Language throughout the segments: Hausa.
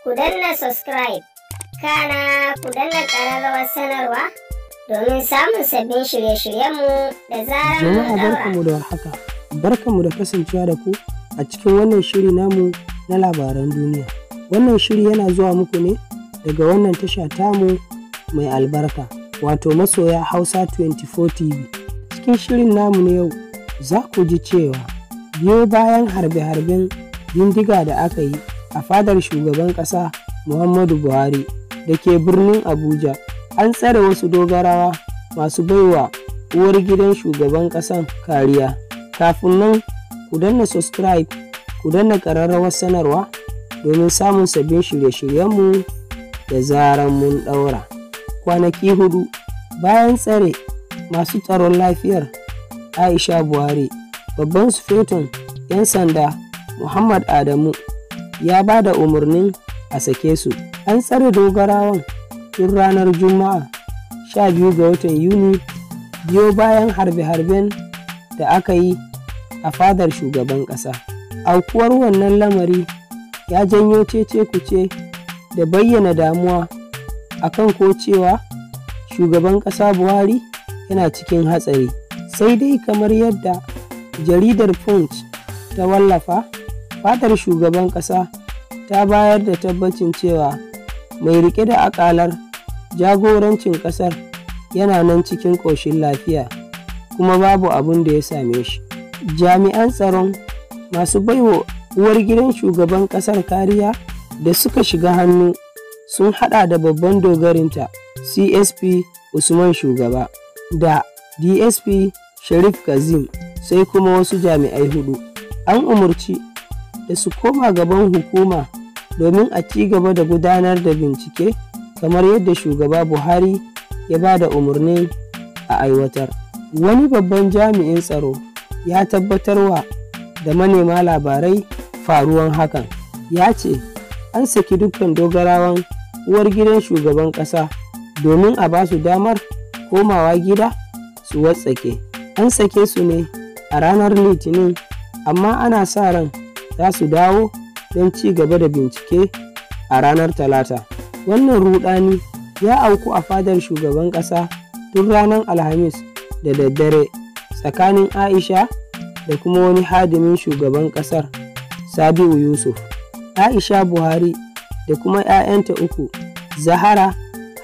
ku danna subscribe kana ku danna ƙararrawar sanarwa domin samun sabbin shirye-shiryenmu da zarar mu da haka, barkanmu da kasancewa da ku a cikin wannan shiri namu na labaran duniya. Wannan shiri yana zuwa muku ne daga wannan tasha tamu mai albarka wato masoya Hausa 24 TV. Cikin shirin namu na yau za ku ji cewa biyo bayan harbe-harben bindiga da aka yi a fadar shugaban ƙasa Muhammadu Buhari da ke birnin Abuja an tsare wasu dogarawa masu baiwa uwar gidan shugaban ƙasan kariya. Kafin nan ku danna subscribe ku danna ƙararrawar sanarwa domin samun sabbin shirye-shiryenmu da zaran mun ɗaura. Kwanaki hudu bayan tsare masu tsaron lafiyar Aisha Buhari babban sufetun 'yan sanda Muhammad Adamu ya ba da umarnin a sake su an tsare dogarawan tun ranar juma'a 12 ga watan yuni biyo bayan harbe-harben da aka yi a fadar shugaban ƙasa aukuwar wannan lamari ya janyo cece kuce da bayyana damuwa akan ko cewa shugaban ƙasa buhari yana cikin hatsari sai dai kamar yadda jaridar punch ta wallafa fatar shugaban ƙasa ta bayar da tabbacin cewa mai rike da akalar jagorancin ƙasar yana nan cikin ƙoshin lafiya kuma babu abin da ya same shi jami'an tsaron masu baiwa uwar gidan shugaban ƙasar kariya da suka shiga hannu sun hada da babban dogarinta csp usman shugaba da dsp sharif kazim sai kuma wasu jami'ai hudu an umarci da su koma gaban hukuma domin a ci gaba da gudanar da bincike kamar yadda shugaba buhari ya ba da umarni a aiwatar wani babban jami'in tsaro ya tabbatar wa da manema labarai faruwan hakan ya ce an saki dukkan dogarawan uwar gidan shugaban ƙasa domin a ba su damar komawa gida su watsake an sake su ne a ranar litinin amma ana sa ran za su dawo don ci gaba da bincike a ranar talata wannan rudani ya auku a fadar shugaban ƙasa tun ranar alhamis da daddare tsakanin aisha da kuma wani hadimin shugaban ƙasar sabiu yusuf aisha buhari da kuma 'ya'yanta uku zahara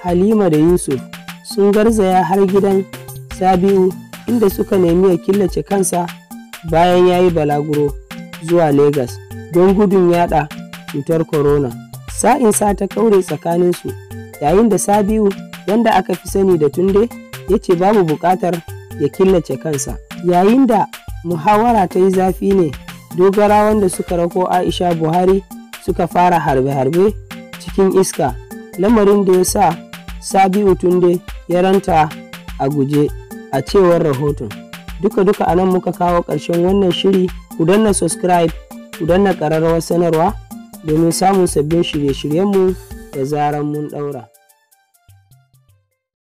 halima da yusuf sun garzaya har gidan sabiu inda suka nemi ya killace kansa bayan ya yi balaguro zuwa Legas don gudun yada cutar corona. sa'in sa ta kaure tsakaninsu yayin da Sabiu wanda aka fi sani da tunde ya ce babu buƙatar ya killace kansa. Yayin da muhawara ta yi zafi ne dogara wanda suka rako Aisha Buhari suka fara harbe-harbe cikin iska lamarin da ya sa Sabiu tunde ya ranta a guje a cewar rahoton. Duka-duka a nan muka kawo ƙarshen wannan shiri. ku danna subscribe ku danna ƙararrawar sanarwa domin samun sabbin shirye-shiryenmu da zaran mun ɗaura.